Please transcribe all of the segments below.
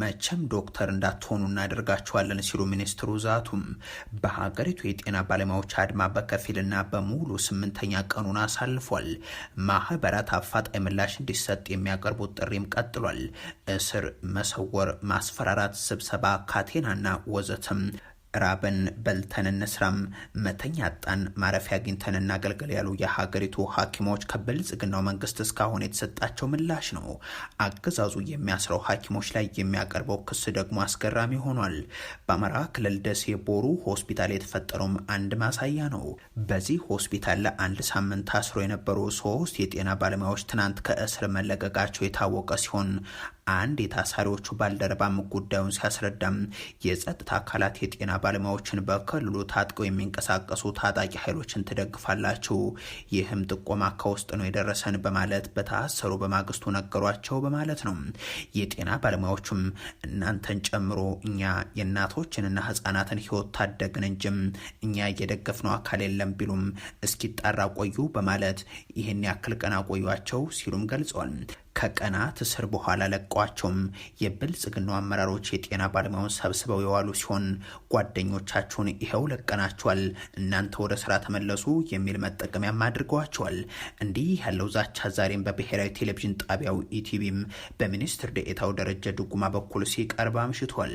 መቼም ዶክተር እንዳትሆኑ እናደርጋቸዋለን ሲሉ ሚኒስትሩ ዛቱም። በሀገሪቱ የጤና ባለሙያዎች አድማ በከፊልና በሙሉ ስምንተኛ ቀኑን አሳልፏል። ማህበራት አፋጣኝ ምላሽ እንዲሰጥ የሚያቀርቡት ጥሪም ቀጥሏል። እስር፣ መሰወር፣ ማስፈራራት፣ ስብሰባ፣ ካቴናና ወዘትም ራበን በልተን እንስራም መተኛ አጣን ማረፊያ አግኝተን እናገልገል ያሉ የሀገሪቱ ሐኪሞች ከብልጽግናው መንግስት እስካሁን የተሰጣቸው ምላሽ ነው። አገዛዙ የሚያስረው ሐኪሞች ላይ የሚያቀርበው ክስ ደግሞ አስገራሚ ሆኗል። በአማራ ክልል ደሴ ቦሩ ሆስፒታል የተፈጠረውም አንድ ማሳያ ነው። በዚህ ሆስፒታል ለአንድ ሳምንት ታስሮ የነበሩ ሶስት የጤና ባለሙያዎች ትናንት ከእስር መለቀቃቸው የታወቀ ሲሆን አንድ የታሳሪዎቹ ባልደረባም ጉዳዩን ሲያስረዳም የጸጥታ አካላት የጤና ባለሙያዎችን በክልሉ ታጥቀው የሚንቀሳቀሱ ታጣቂ ኃይሎችን ትደግፋላችሁ፣ ይህም ጥቆማ ከውስጥ ነው የደረሰን በማለት በታሰሩ በማግስቱ ነገሯቸው በማለት ነው። የጤና ባለሙያዎቹም እናንተን ጨምሮ እኛ የእናቶችንና ህጻናትን ህይወት ታደግን እንጂም እኛ እየደገፍነው አካል የለም ቢሉም እስኪጣራ ቆዩ በማለት ይህን ያክል ቀን አቆዩቸው ሲሉም ገልጸዋል። ከቀናት እስር በኋላ ለቀዋቸውም የብልጽግናው አመራሮች የጤና ባለሙያውን ሰብስበው የዋሉ ሲሆን ጓደኞቻችሁን ይኸው ለቀናቸዋል፣ እናንተ ወደ ስራ ተመለሱ የሚል መጠቀሚያም አድርገዋቸዋል። እንዲህ ያለው ዛቻ ዛሬም በብሔራዊ ቴሌቪዥን ጣቢያው ኢቲቪም በሚኒስትር ደኤታው ደረጀ ድጉማ በኩል ሲቀርብ አምሽቷል።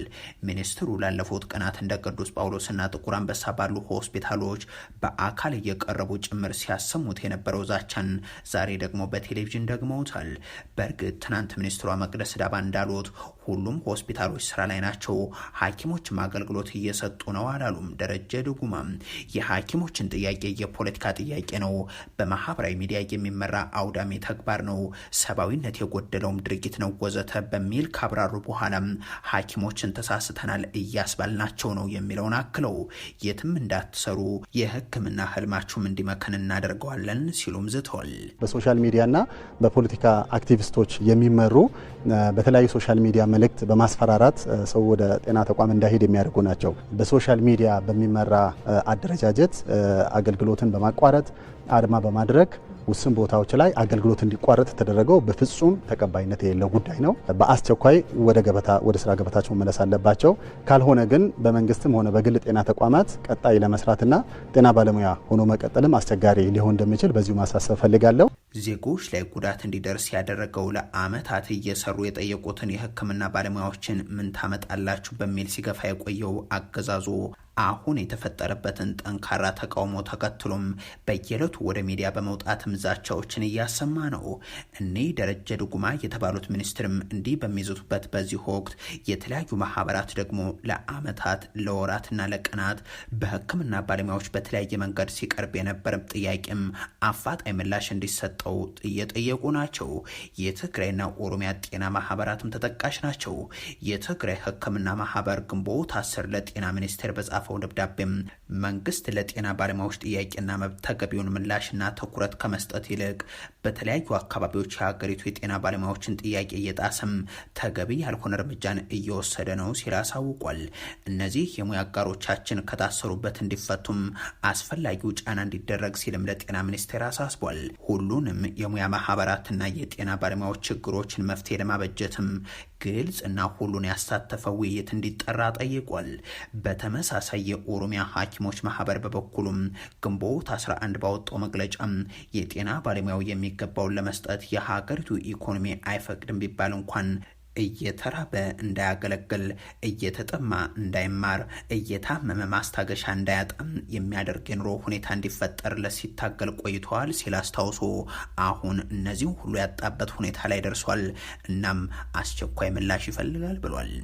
ሚኒስትሩ ላለፉት ቀናት እንደ ቅዱስ ጳውሎስና ጥቁር አንበሳ ባሉ ሆስፒታሎች በአካል እየቀረቡ ጭምር ሲያሰሙት የነበረው ዛቻን ዛሬ ደግሞ በቴሌቪዥን ደግመውታል። በእርግጥ ትናንት ሚኒስትሯ መቅደስ ዳባ እንዳሉት ሁሉም ሆስፒታሎች ስራ ላይ ናቸው፣ ሐኪሞችም አገልግሎት እየሰጡ ነው አላሉም ደረጀ ድጉማ። የሐኪሞችን ጥያቄ የፖለቲካ ጥያቄ ነው፣ በማህበራዊ ሚዲያ የሚመራ አውዳሚ ተግባር ነው፣ ሰብአዊነት የጎደለውም ድርጊት ነው ወዘተ በሚል ካብራሩ በኋላም ሐኪሞችን ተሳስተናል እያስባልናቸው ነው የሚለውን አክለው የትም እንዳትሰሩ የህክምና ህልማችሁም እንዲመከን እናደርገዋለን ሲሉም ዝተዋል። በሶሻል ሚዲያና በፖለቲካ አክቲቪስት ሳይንቲስቶች የሚመሩ በተለያዩ ሶሻል ሚዲያ መልእክት በማስፈራራት ሰው ወደ ጤና ተቋም እንዳይሄድ የሚያደርጉ ናቸው። በሶሻል ሚዲያ በሚመራ አደረጃጀት አገልግሎትን በማቋረጥ አድማ በማድረግ ውስን ቦታዎች ላይ አገልግሎት እንዲቋረጥ የተደረገው በፍጹም ተቀባይነት የሌለው ጉዳይ ነው። በአስቸኳይ ወደ ገበታ ወደ ስራ ገበታቸው መመለስ አለባቸው። ካልሆነ ግን በመንግስትም ሆነ በግል ጤና ተቋማት ቀጣይ ለመስራትና ጤና ባለሙያ ሆኖ መቀጠልም አስቸጋሪ ሊሆን እንደሚችል በዚሁ ማሳሰብ ፈልጋለሁ። ዜጎች ላይ ጉዳት እንዲደርስ ያደረገው ለአመታት እየሰሩ የጠየቁትን የሕክምና ባለሙያዎችን ምን ታመጣላችሁ በሚል ሲገፋ የቆየው አገዛዙ አሁን የተፈጠረበትን ጠንካራ ተቃውሞ ተከትሎም በየዕለቱ ወደ ሚዲያ በመውጣት ምዛቻዎችን እያሰማ ነው። እኔ ደረጀ ድጉማ የተባሉት ሚኒስትርም እንዲህ በሚዘቱበት በዚህ ወቅት የተለያዩ ማህበራት ደግሞ ለአመታት ለወራትና ለቀናት በሕክምና ባለሙያዎች በተለያየ መንገድ ሲቀርብ የነበረ ጥያቄም አፋጣኝ ምላሽ እንዲሰጠው እየጠየቁ ናቸው። የትግራይና ኦሮሚያ ጤና ማህበራትም ተጠቃሽ ናቸው። የትግራይ ሕክምና ማህበር ግንቦት አስር ለጤና ሚኒስቴር በጻ በጻፈው ደብዳቤም መንግስት ለጤና ባለሙያዎች ጥያቄና መብት ተገቢውን ምላሽና ትኩረት ከመስጠት ይልቅ በተለያዩ አካባቢዎች የሀገሪቱ የጤና ባለሙያዎችን ጥያቄ እየጣሰም ተገቢ ያልሆነ እርምጃን እየወሰደ ነው ሲል አሳውቋል። እነዚህ የሙያ አጋሮቻችን ከታሰሩበት እንዲፈቱም አስፈላጊው ጫና እንዲደረግ ሲልም ለጤና ሚኒስቴር አሳስቧል። ሁሉንም የሙያ ማህበራትና የጤና ባለሙያዎች ችግሮችን መፍትሄ ለማበጀትም ግልጽ እና ሁሉን ያሳተፈ ውይይት እንዲጠራ ጠይቋል። በተመሳሳይ የኦሮሚያ ሐኪሞች ማህበር በበኩሉም ግንቦት 11 ባወጣው መግለጫ የጤና ባለሙያው የሚገባውን ለመስጠት የሀገሪቱ ኢኮኖሚ አይፈቅድም ቢባል እንኳን እየተራበ እንዳያገለግል እየተጠማ እንዳይማር እየታመመ ማስታገሻ እንዳያጣም የሚያደርግ የኑሮ ሁኔታ እንዲፈጠርለት ሲታገል ቆይተዋል ሲል አስታውሶ አሁን እነዚህም ሁሉ ያጣበት ሁኔታ ላይ ደርሷል። እናም አስቸኳይ ምላሽ ይፈልጋል ብሏል።